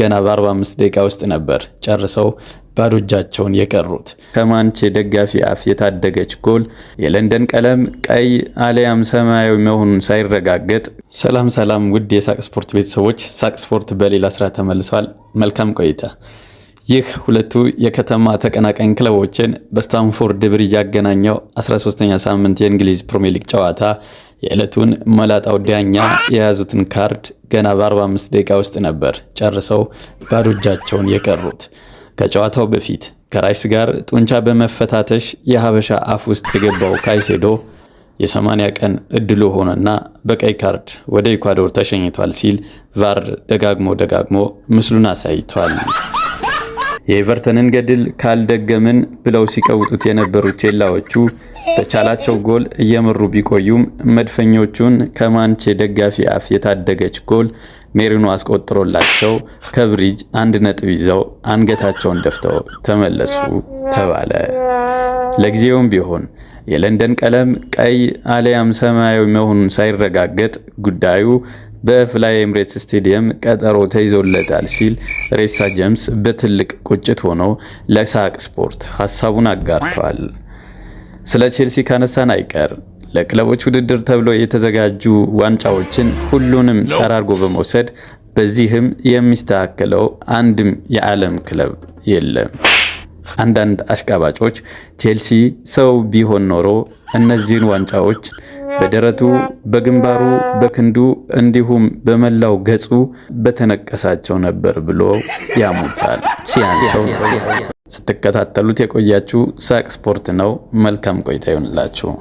ገና በ45 ደቂቃ ውስጥ ነበር ጨርሰው ባዶ እጃቸውን የቀሩት። ከማንቼ ደጋፊ አፍ የታደገች ጎል የለንደን ቀለም ቀይ አሊያም ሰማያዊ መሆኑን ሳይረጋገጥ። ሰላም ሰላም! ውድ የሳቅ ስፖርት ቤተሰቦች፣ ሳቅ ስፖርት በሌላ ስራ ተመልሷል። መልካም ቆይታ። ይህ ሁለቱ የከተማ ተቀናቃኝ ክለቦችን በስታንፎርድ ብሪጅ ያገናኘው 13ኛ ሳምንት የእንግሊዝ ፕሪሚየር ሊግ ጨዋታ የዕለቱን መላጣው ዳኛ የያዙትን ካርድ ገና በ45 ደቂቃ ውስጥ ነበር ጨርሰው ባዶ እጃቸውን የቀሩት። ከጨዋታው በፊት ከራይስ ጋር ጡንቻ በመፈታተሽ የሀበሻ አፍ ውስጥ የገባው ካይሴዶ የ80 ቀን እድሉ ሆነና በቀይ ካርድ ወደ ኢኳዶር ተሸኝቷል ሲል ቫር ደጋግሞ ደጋግሞ ምስሉን አሳይቷል። የኤቨርተንን ገድል ካልደገምን ብለው ሲቀውጡት የነበሩት ቼላዎቹ በቻላቸው ጎል እየመሩ ቢቆዩም መድፈኞቹን ከማንቼ ደጋፊ አፍ የታደገች ጎል ሜሪኖ አስቆጥሮላቸው ከብሪጅ አንድ ነጥብ ይዘው አንገታቸውን ደፍተው ተመለሱ ተባለ። ለጊዜውም ቢሆን የለንደን ቀለም ቀይ አሊያም ሰማያዊ መሆኑን ሳይረጋገጥ ጉዳዩ በፍላይ ኤምሬትስ ስቴዲየም ቀጠሮ ተይዞለታል ሲል ሬሳ ጀምስ በትልቅ ቁጭት ሆኖ ለሳቅ ስፖርት ሀሳቡን አጋርተዋል። ስለ ቼልሲ ካነሳን አይቀር ለክለቦች ውድድር ተብሎ የተዘጋጁ ዋንጫዎችን ሁሉንም ጠራርጎ በመውሰድ በዚህም የሚስተካከለው አንድም የዓለም ክለብ የለም። አንዳንድ አሽቃባጮች ቼልሲ ሰው ቢሆን ኖሮ እነዚህን ዋንጫዎች በደረቱ፣ በግንባሩ፣ በክንዱ እንዲሁም በመላው ገጹ በተነቀሳቸው ነበር ብሎ ያሙታል። ሲያንሰው ስትከታተሉት የቆያችሁ ሳቅ ስፖርት ነው። መልካም ቆይታ ይሆንላችሁ።